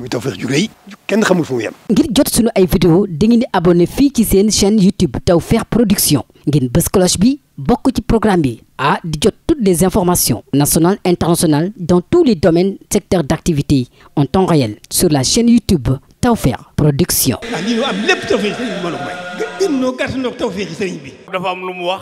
muy Tawfekh ju rëy kenn xamul fu mu yem. ngir jot sunu ay vidéo dangeen di abonné fii ci seen chaîne YouTube Tawfekh Production ngeen bës cloche bi bokk ci programme bi ah di jot toutes les informations nationales internationales dans tous les domaines secteurs d'activité en temps réel sur la chaîne YouTube Tawfekh Production. ah lii am lépp Tawfekh sëriñ bi mën a bi. dafa am lu mu wax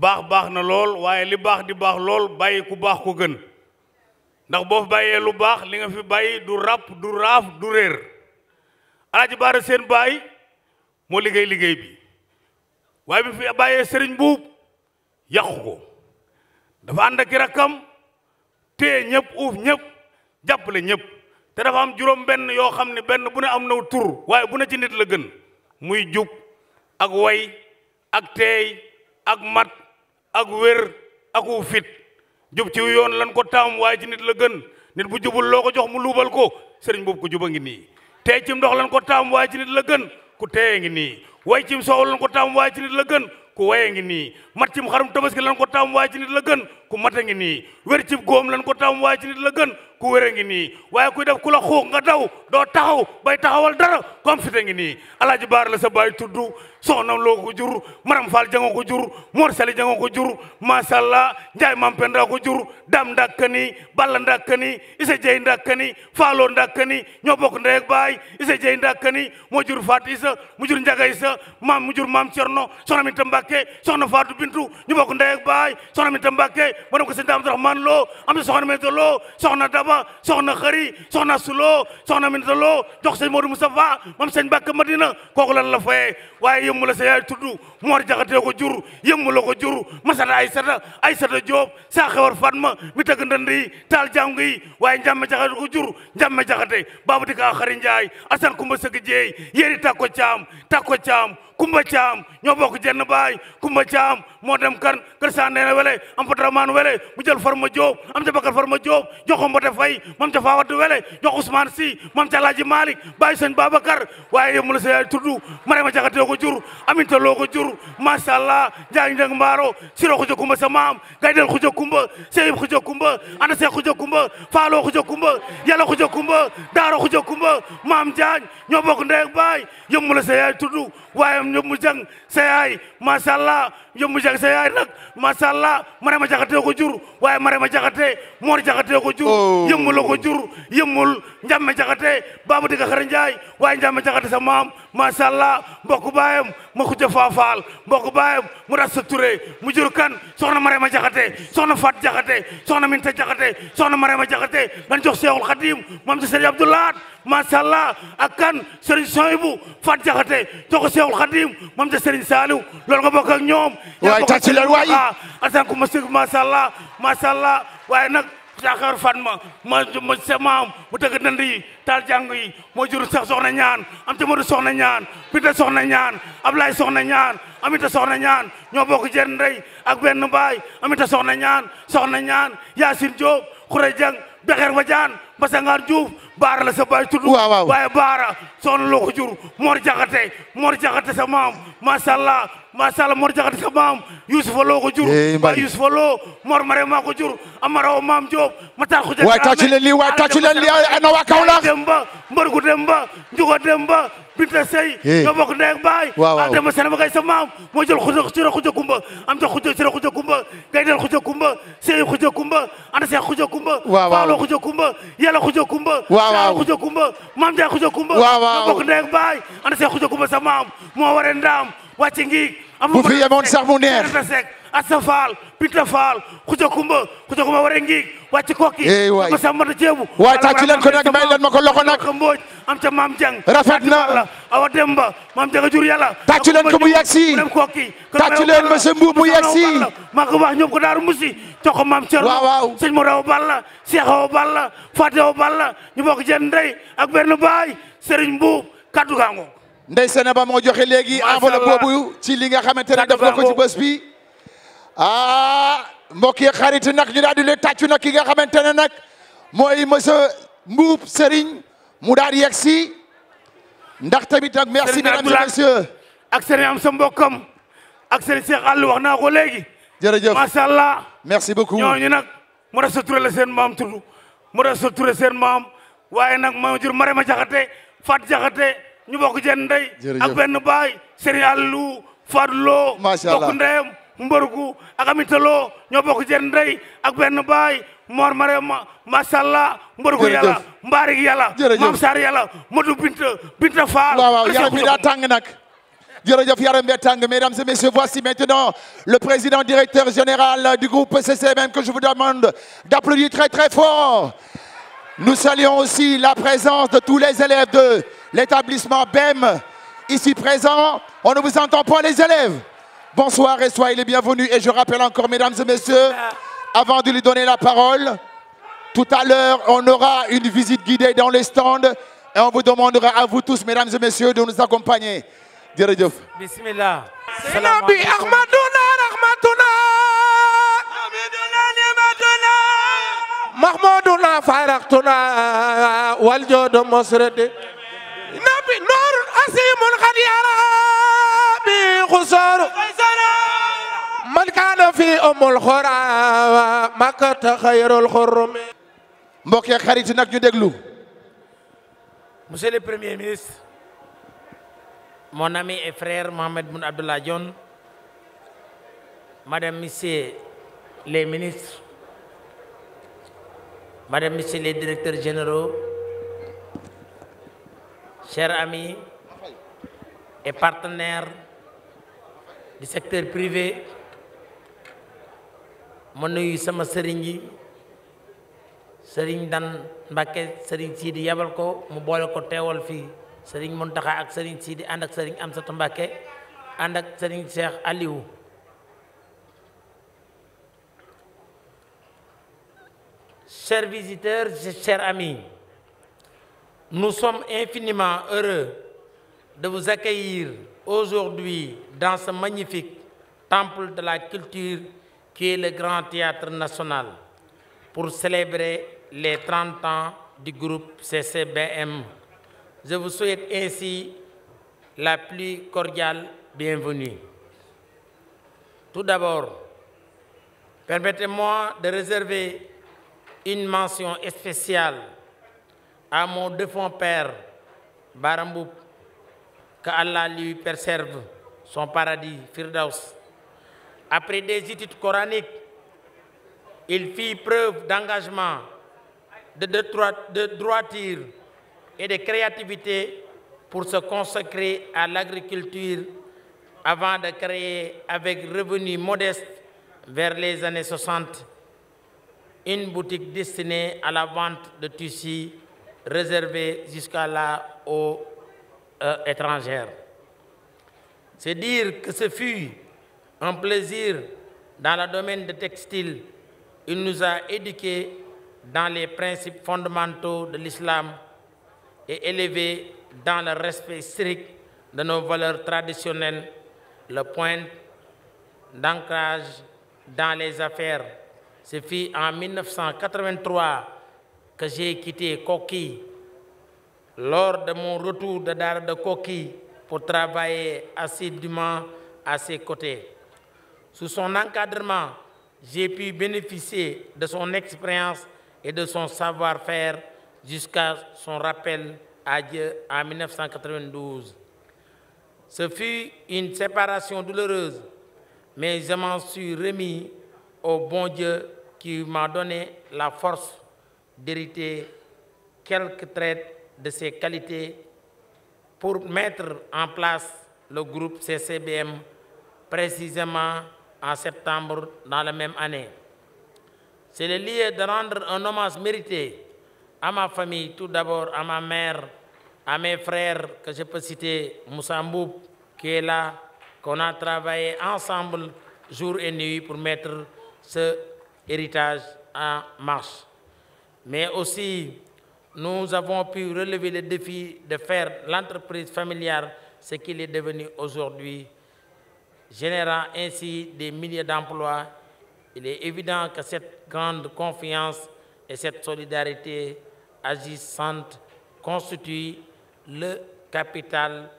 baax baax na lool waaye li baax di baax lool bàyyi ku baax ko gën. ndax boo fi bàyyee lu baax li nga fi bàyyi du ràpp du raaf du réer alaaji baara seen baay moo liggéey liggéey bi waaye bi fi bàyyee sëriñ buub yaxu ko dafa ànd ak rakkam téye ñëpp uuf ñëpp jàppale ñëpp te dafa am juróom benn yoo xam ne benn bu ne am naw tur waaye bu ne ci nit la gën muy jub ak way ak teey ak mat ak wér ak wu fit jub ci yoon lan ko taam waaye ci nit la gën nit bu jubul loo ko jox mu luubal ko sëriñ boobu ku juba ngi nii tey cim ndox lan ko taam waaye ci nit la gën ku teye ngi nii way cim soow lan ko taam waaye ci nit la gën ku waye ngi nii mat cim xarum tabaski lan ko taam waaye ci nit la gën ku mata ngi nii wér cib góom lan ko taam waaye ci nit la gën ku wér a ngi nii waaye kuy def ku la xuux nga daw doo taxaw bay taxawal dara comme fi te ngi nii alaaji baar la sa baay tuddu soxnam loo ko jur maram faal jango ko jur mor sali jango ko jur masalla njaay mampenda ko jur dam ndakkani balla ndakkani isa jey ndakkani faaloo ndakkani ñoo bokk loo am na soxna loo soxna daba Baba soxna Xëri soxna Suloo soxna Minata Loo sa sëñ Modou Moustapha moom sa Mbàkke Madina kooku lan la fayee waaye yëmmu la sa yaay tudd Mor Jaxate ko jur yëmmu la ko jur Masata Aysata Aysata Joob saa xewar Fatma mi tëgg ndënd yi taal jàng yi waaye njàmme jaxate ko jur njàmme jaxate Baaba di ka Xëri Njaay Asan Kumba Sëgg Jeey yéri tàkko caam tàkko caam Kumba Caam ñoo bokk jenn baay Kumba Caam moo dem kan kër Sandene wele am fa Dramane wele mu jël Farma Diop am ca Bakar Farma Diop jox ko Mbote Faye moom ca Fawad wele jox Ousmane Sy moom ca Alaaji Malick bàyyi sëñ Babacar waaye yow mu la sa yaay tudd Marema Jaxate ko jur Aminta loo ko allah Njaay Ndeng Mbaaro Siro Xuja Kumba sa maam Gaydel Xuja Kumba Seyib Xuja Kumba Anda Seex Xuja Kumba Faalo Xuja Kumba Yàlla Xuja Kumba Daaro Xuja Kumba Maam Jaañ ñoo bokk ndey baay yow mu waayam ñoom mu jàng sa yaay macha allah yëmb jag sa yaay nag macha allah Marème Jaxate ko jur waaye Marème Jaxate Mor Jaxate ko jur oh. yëmb la ko jur yëmbul Njàmme Jaxate Baba Diga Xara Njaay waaye Njàmme Jaxate sa maam macha allah mbokk baayam ma xuja faafaal mbokk mu ras Ture mu jur kan soxna ma Jaxate soxna Fat Jaxate soxna Minta Jaxate soxna Marème Jaxate lan jox Seexul Xadim moom ci Sëriñ Abdou Lahat macha allah ak kan waaye tàcc leen waaye asan ku ma sëg macha allah macha allah waaye nag Sakar Fatma ma ma semaam bu dëgg dënd yi taal jàng yi moo jur sax soxna ñaan am ta madu soxna ñaan Binta soxna ñaan Ablaye soxna ñaan Amita soxna ñaan ñoo bokk jenn ndey ak benn baay Amita soxna ñaan soxna ñaan Yaasin Joob Xure Jang Bexeer ma jaan Mbasangaan Diouf Baara la sa baay tudd. waaw waaw waaye Baara soxna loo ko jur Mor Jaxate Mor Jaxate sa maam macha allah macha allah Mor Jaxate sa maam Yusufa loo ko jur. waaye Yusufa loo Mor Mare maa ko jur Amara wa maam Diop. Matar ko jël waay tàcc leen lii waa Kaolack. Demba Mbargu Demba Njuga Demba. Binta Sey. ñoo bokk ndey ak baay. waaw waaw Adama Sene ma kay sa maam moo jël xuja sira xuja kumba am ta xuja sira xuja kumba gaydel xuja kumba sey xuja kumba ana seex xuja kumba. waaw waaw Paalo xuja kumba kumba. waaw waaw xuja kumba maam kumba. waaw waaw ñoo bokk ndey ak baay ana kumba sa maam moo waree ndaam wàcc am bu fi yemoon sax mu Assa Fall Pita Fall Khoudia Koumba Khoudia Koumba war a ngi wàcc kooki. ko sàmm na ceebu. waay tàcc leen ko nag may leen ma ko loxo nag. Mbodj am ca maam Dieng. rafet na Awa Demba maam Dieng a jur yàlla. tàcc leen ko mu yegg si tàcc leen monsieur Mbour mu yegg si. maa ko wax ñoom ko daaru musi jox ko maam Thierno. waaw waaw sëñ Balla Cheikh Awa Awa Balla ñu bokk jenn ndey ak benn moo joxe léegi enveloppe boobu ci li nga xamante def na ko ci bés bi ah mbok yi xarit nag ñu daal di leen tàccu nag ki nga xamante ne nag mooy monsieur Mbuub Serigne mu daal di yegg si ndax tamit nag merci mesdames et sa mbokkam ak Serigne wax naa ko léegi. jërëjëf macha allah. merci beaucoup ñooñu nag mu rasa turé la seen maam tudd mu rasa turé seen maam waaye nag ma jur Marema Jaxate Fat Jaxate ñu bokk jenn ak benn baay Serigne Allou Fadlo bokk ndeyam mborgu ak amintaloo ñoo bokk jenn yàlla mbaarik yàlla maam saar yàlla madu binta binta faal waaw waaw yaram bi daa tàng nag jërëjëf yaram bi mesdames et messieurs voici maintenant le président directeur général du groupe CCMM que je vous demande d'applaudir très fort nous saluons aussi la présence de tous les élèves de l'établissement BEM ici présents on ne vous entend pas les élèves Bonsoir et soyez les bienvenus. Et je rappelle encore, mesdames et messieurs, avant de lui donner la parole, tout à l'heure, on aura une visite guidée dans les stands et on vous demandera à vous tous, mesdames et messieurs, de nous accompagner. jërëjëf. bismillah. salaam bi Ahmaduna nabi noorun asimun xad yara bi fi umul nag ñu déglu monsieur le premier ministre mon ami et frère Mohamed Boun Abdallah Dionne madame messieurs les ministres madame messieurs les directeurs généraux chers du secteur privé ma nuyu sama sëriñ yi sëriñ Dan Mbàkke sëriñ di yabal ko mu boole ko teewal fii sëriñ taxa ak sëriñ Siidi ànd ak sëriñ Amsatu Mbàkke ànd ak sëriñ Cheikh Aliou chers visiteurs chers amis nous sommes infiniment heureux de vous accueillir aujourd'hui dans ce magnifique temple de la culture qui est le grand théâtre national pour célébrer les trente ans du groupe CCBM. Je vous souhaite ainsi la plus cordiale bienvenue. Tout d'abord, permettez-moi de réserver une mention spéciale à mon défunt père, Barambou, que Allah lui préserve son paradis, Après des études coraniques, il fit preuve d'engagement, de, de droiture et de créativité pour se consacrer à l'agriculture avant de créer avec revenus modestes vers les années 60 une boutique destinée à la vente de tissus réservée jusqu'à là aux euh, étrangères. C'est dire que ce fut un plaisir dans le domaine de textile. Il nous dans les principes fondamentaux de l'islam et élevés dans le respect strict de nos le point d'ancrage dans les affaires. Ce fut en 1983 que j'ai quitté Koki. Lors de de Dar de Koki pour travailler assidûment à ses côtés. Sous son encadrement, j'ai pu bénéficier de son expérience et de son savoir-faire jusqu'à son rappel à Dieu en 1992. Ce fut une séparation douloureuse, mais je m'en suis au bon Dieu qui m'a la force d'hériter quelques traits de ses qualités pour mettre en place le groupe CCBM précisément en septembre dans la même année. C'est le lieu de rendre un hommage mérité à ma famille, tout d'abord à ma mère, à mes frères que je peux citer, Moussa Mboub, qui est là, qu'on a travaillé ensemble jour et nuit pour mettre ce héritage en marche. Mais aussi, nous avons pu relever le défi de faire l'entreprise familiale ce qu'il est devenu aujourd'hui générant ainsi des milliers d'emplois, il est évident que cette grande confiance et cette solidarité agissante constituent le capital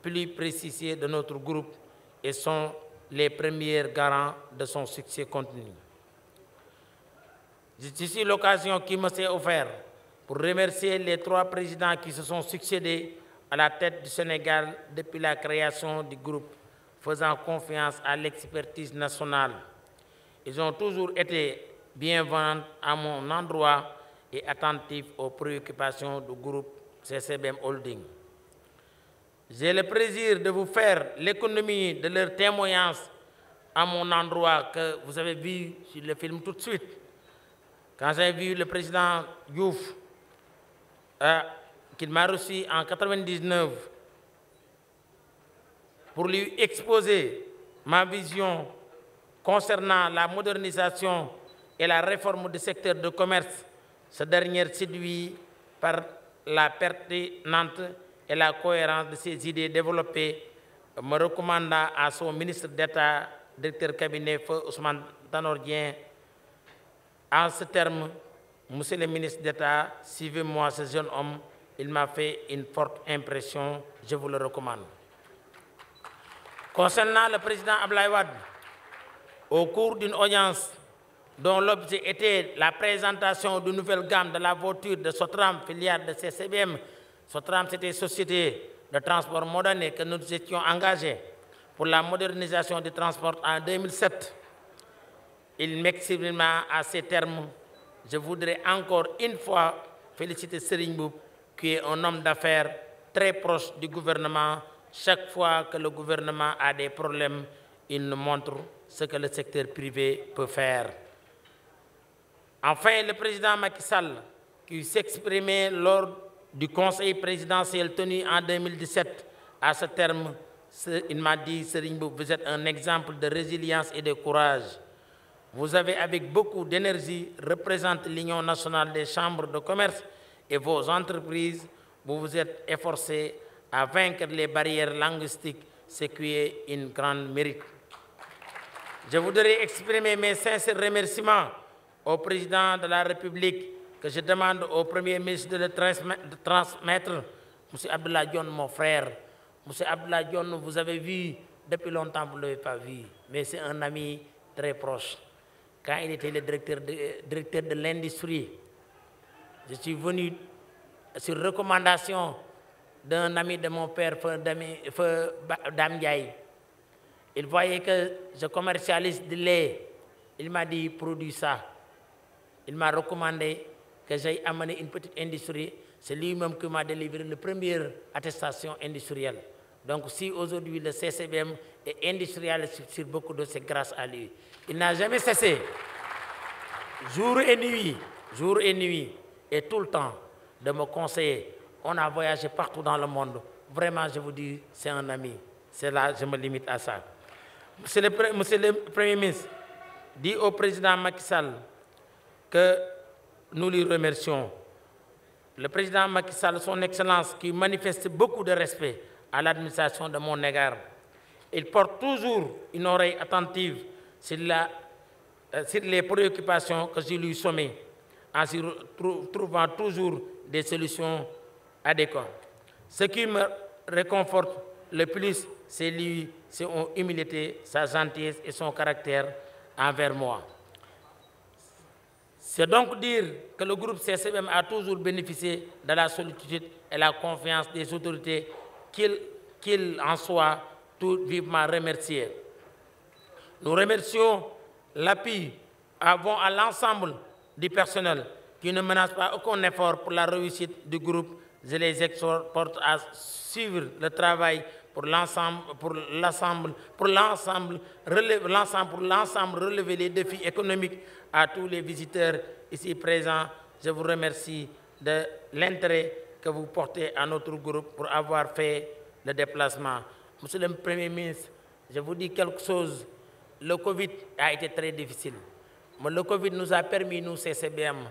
plus précisé de notre groupe et sont les premiers garants de son succès continu. C'est ici l'occasion qui me s'est offerte pour remercier les trois présidents qui se sont succédés à la tête du Sénégal depuis la création du groupe faisant confiance à l'expertise nationale. Ils toujours été bienveillants à mon endroit et attentifs aux préoccupations du groupe CCBM Holding. J'ai le plaisir de vous faire l'économie de leurs témoignages à mon endroit que vous avez le film tout de suite. le président Diouf, euh, qu'il m'a reçu pour lui exposer ma vision concernant la modernisation et la réforme du secteur de commerce, ce dernier séduit par la pertinente et la cohérence de ses idées développées, me recommanda à son ministre d'État, directeur cabinet Feu Ousmane Tanordien, en ce terme, Monsieur le ministre d'État, suivez-moi ce jeune homme, il m'a fait une forte impression, je vous le recommande. Concernant le président Ablaï Wad, au cours d'une audience dont l'objet était la présentation d'une nouvelle gamme de la voiture de Sotram, filiale de CCBM. Sotram, c'était une société de transport moderne que nous étions engagés pour la modernisation du transport en 2007. Il m'exprima à ces termes, je voudrais encore une fois féliciter Serigne qui est un homme d'affaires très proche du gouvernement Chaque fois que le gouvernement des problèmes, il nous montre ce que le secteur privé peut le président Macky Sall, qui s'exprimait lors du conseil présidentiel tenu en 2017 à ce terme, il m'a dit, Serigne Mboup, vous êtes un exemple de résilience et de courage. Vous avez avec beaucoup d'énergie représenté l'Union des chambres de commerce à vaincre les barrières linguistiques, ce qui est une grande mérite. Je voudrais exprimer mes sincères remerciements au président de la République que je demande au Premier ministre de le transmettre, M. Abdullah Dion, mon frère. M. Abdullah Dion, vous avez vu, depuis longtemps vous ne l'avez pas vu, mais c'est un ami très proche. Quand il était le directeur de, directeur de l'industrie, je suis venu sur recommandation d'un ami de mon père, feu, feu Dame Il voyait que je commercialise du lait. Il m'a dit, produis ça. Il m'a recommandé que j'aille amener une petite industrie. C'est lui-même qui m'a délivré la première attestation industrielle. Donc si aujourd'hui le CCBM est industriel sur beaucoup de c'est grâce à lui. Il n'a jamais cessé, jour et nuit, jour et nuit, et tout le temps, de me conseiller On a voyagé partout dans le monde. Vraiment, je vous dis, c'est un ami. C'est là, je me limite à ça. Monsieur le, Premier ministre, dit au président Macky Sall que nous lui remercions. Le président Macky Sall, son excellence, qui manifeste beaucoup de respect à l'administration de mon égard. Il porte toujours une oreille attentive sur, la, euh, sur les préoccupations que je lui soumets, en trouvant toujours des solutions adéquat. Ce qui me réconforte le plus, c'est lui, son humilité, sa gentillesse et son caractère envers moi. C'est donc dire que le groupe CCBM a toujours bénéficié de la solitude et la confiance des autorités, qu'il qu en soit tout vivement remercié. Nous remercions l'appui avant à l'ensemble du personnel qui ne menace pas aucun effort pour la réussite du groupe je les exhorte à suivre le travail pour l'ensemble pour l'ensemble pour l'ensemble relève l'ensemble pour l'ensemble relever les défis économiques à tous les visiteurs ici présents je vous remercie de l'intérêt que vous portez à notre groupe pour avoir fait le déplacement monsieur le premier ministre je vous dis quelque chose le Covid a été très difficile mais le Covid nous a permis nous CCBM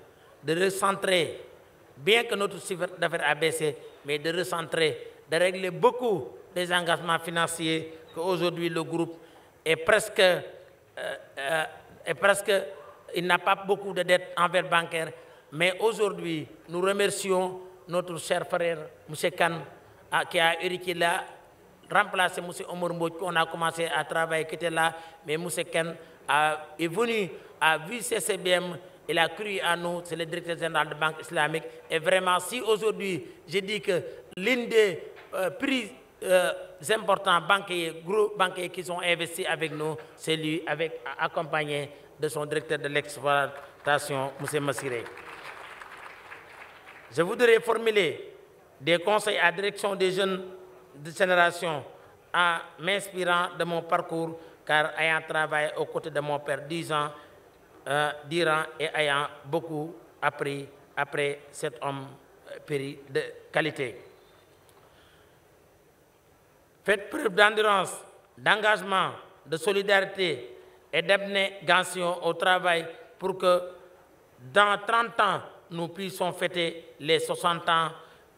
de recentrer bien que notre chiffre d'affaires a baissé, mais de recentrer, de régler beaucoup des engagements financiers qu'aujourd'hui le groupe est presque, euh, euh, est presque il n'a pas beaucoup de dettes envers bancaires. Mais aujourd'hui, nous remercions notre cher frère M. Khan ah, qui a hérité là, remplacé M. Omar a commencé à travailler, qui était là, mais M. Khan a, est venu, a CCBM il a cru en nous, c'est le directeur général de la Banque islamique. Et vraiment, si aujourd'hui, je dis que l'une des euh, prix euh, importants banquiers, gros banquiers qui sont investis avec nous, c'est lui, avec, accompagné de son directeur de l'exploitation, M. Massiré. Je voudrais formuler des conseils à la direction des jeunes de génération en m'inspirant de mon parcours, car ayant travaillé aux côtés de mon père 10 ans, euh, durant et ayant beaucoup appris après cet homme euh, péri de qualité. Faites preuve d'endurance, d'engagement, de solidarité et d'abnégation au travail pour que dans 30 ans, nous puissions fêter les 60 ans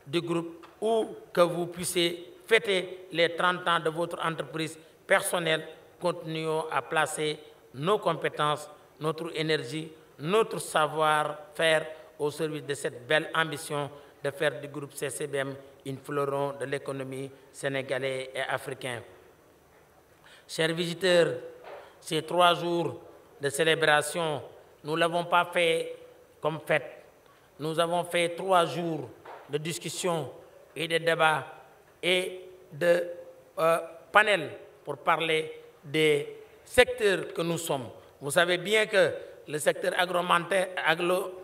du groupe ou que vous puissiez fêter les 30 ans de votre entreprise personnelle. Continuons à placer nos compétences notre énergie, notre savoir-faire au service de cette belle ambition de faire du groupe CCBM une fleuron de l'économie sénégalaise et africain Chers visiteurs, ces trois jours de célébration, nous ne l'avons pas fait comme fête. Nous avons fait trois jours de discussion et de débats et de euh, pour parler des secteurs que nous sommes. Vous savez bien que le secteur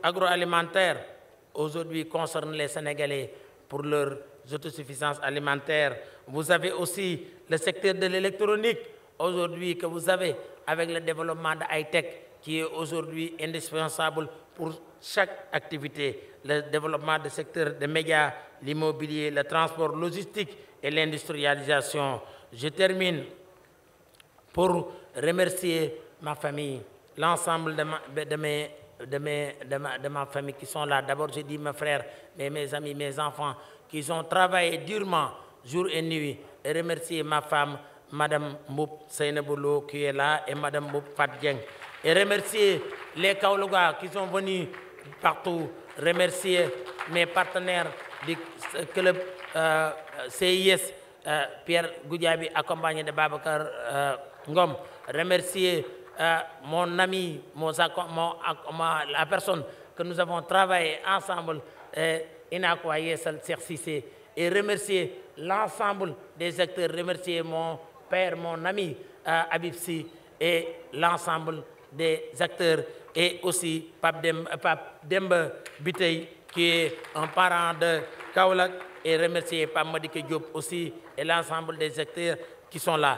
agroalimentaire aujourd'hui concerne les Sénégalais pour leur autosuffisance alimentaire. Vous avez aussi le secteur de l'électronique aujourd'hui que vous avez avec le développement de high-tech qui est aujourd'hui indispensable pour chaque activité. Le développement du secteur des médias, l'immobilier, le transport logistique et l'industrialisation. Je termine pour remercier ma famille, l'ensemble de, ma, de, mes, de, mes, de, ma, de ma famille qui sont là. D'abord, j'ai dit mes frères, mes, mes amis, mes enfants, qui ont travaillé durement, jour et nuit, et remercier ma femme, Madame Moup Seynaboulo, qui est là, et Madame Moup Fadjeng. Et remercier les Kaologas qui sont venus partout, remercier mes partenaires du club euh, CIS, euh, Pierre Goudjabi, accompagné de Babacar euh, Ngom, remercier euh, mon ami, mon, mon, ma, la personne que nous avons travaillé ensemble, euh, Inakoye Sissé, et remercier l'ensemble des acteurs, remercier mon père, mon ami euh, Abibsi et l'ensemble des acteurs et aussi Pape, Dem, euh, Pape Dembe Bitey qui est un parent de Kaolak et remercier Pape Modike Diop aussi et l'ensemble des acteurs qui sont là.